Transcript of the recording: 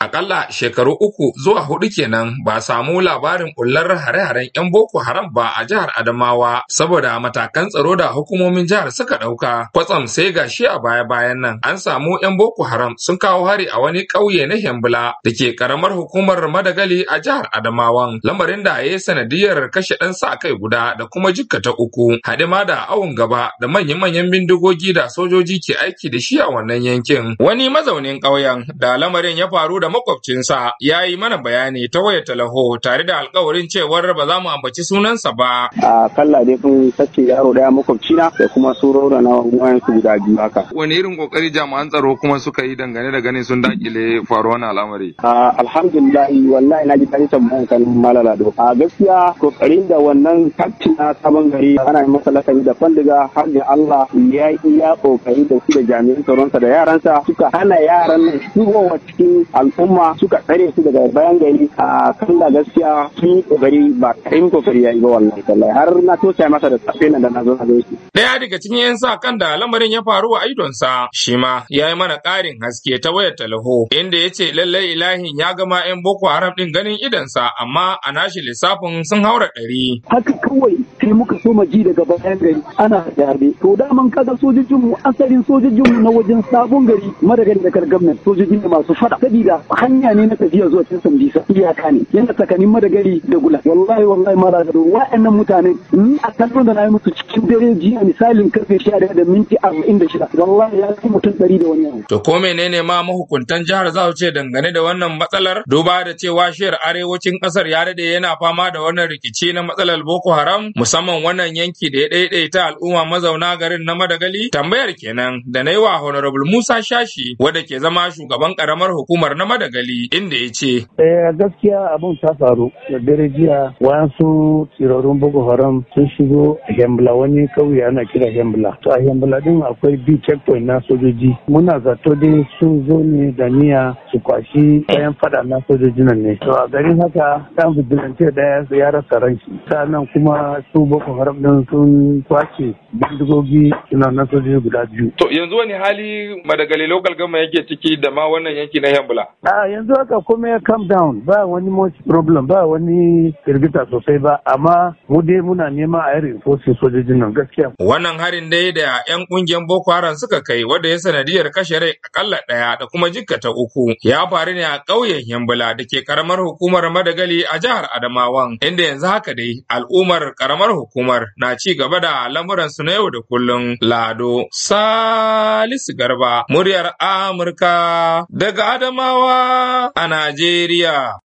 Akalla shekaru uku zuwa hudu kenan ba samu labarin bullar hare-haren 'yan Boko Haram ba a jihar Adamawa saboda matakan tsaro da hukumomin jihar suka ɗauka. Kwatsam sai ga shi a baya-bayan nan an samu 'yan Boko Haram sun kawo hari a wani ƙauye na Hembla da ke karamar hukumar Madagali a jihar Adamawan. Lamarin da ya yi sanadiyar kashe ɗan sa kai guda da kuma jikka ta uku. Hadima da awon gaba da manyan-manyan bindigogi da sojoji ke aiki da shi a wannan yankin. Wani mazaunin ƙauyen da lamarin ya faru da da makwabcinsa ya yi mana bayani ta waya talaho tare da alkawarin cewar ba za mu ambaci sunansa ba. A kalla dai kun sace yaro daya makwabcina da kuma su raura na wayan su guda biyu haka. Wani irin kokari jami'an tsaro kuma suka yi dangane da ganin sun dakile faruwar al'amari? Alhamdulillah wallahi na ji tarihin mu kan malala A gaskiya kokarin da wannan kaftin na sabon gari ana yi masa lakani da fandiga har da Allah ya iya kokari da su da jami'an tsaronsa da yaransa suka hana yaran nan shigowa cikin al'umma suka tsare su daga bayan gari a kan da gaskiya sun kokari ba karin kokari ya yi ba wallahi har na tosa masa da tsafe nan da na zo na gaishe daya daga cikin yan sa kan da lamarin ya faru a idonsa shi ma ya yi mana ƙarin haske ta wayar talaho inda ya ce lallai ilahin ya gama yan boko haram din ganin idon sa, amma a nashi lissafin sun haura ɗari. haka kawai sai muka so ji daga bayan gari ana harbe to daman kaga sojojinmu asalin sojojinmu na wajen sabon gari madagari da kargamnan sojojin ne masu fada sabida hanya ne na tafiya zuwa cikin sambisa iyaka ne yana tsakanin madagari da gula wallahi wallahi mara da wa'annan mutane ni a kallon da na yi musu cikin dare jiya misalin karfe sha da minti arba'in da shida wallahi ya fi mutum ɗari da wani to ko menene ma mahukuntan jihar za ce dangane da wannan matsalar duba da cewa shiyar arewacin ƙasar ya daɗe yana fama da wannan rikici na matsalar boko haram musamman wannan yanki da ya ta al'umma mazauna garin na madagali tambayar kenan da na yi wa honorable musa shashi wadda ke zama shugaban ƙaramar hukumar na gali inda ya ce. Eh gaskiya abin ta faru da dare jiya wayansu tsirarun Boko Haram sun shigo a Hembla wani kauye ana kira Hembla. To a Hembla din akwai bi checkpoint na sojoji. Muna zato dai sun zo ne da niyya su kwashi kayan fada na sojoji nan ne. To a garin haka kan vigilante daya ya rasa ranshi. Sannan kuma su Boko Haram din sun kwace bindigogi suna na sojoji guda biyu. To yanzu wani hali Madagali local gama yake ciki da ma wannan yanki na Hembla. A yanzu haka kuma ya calm down ba wani much problem ba wani firgita sosai ba amma mu dai muna nema a yarin sosin sojojin nan gaskiya. Wannan harin dai da 'yan kungiyar Boko Haram suka kai wanda ya sanadiyar kashe rai akalla ɗaya da kuma jikkata uku ya faru ne a ƙauyen Yambula da ke karamar hukumar Madagali a jihar Adamawa, inda yanzu haka dai al'ummar karamar hukumar na ci gaba da lamuran su na yau da kullum Lado Salisu Garba muryar Amurka daga Adamawa a Najeriya.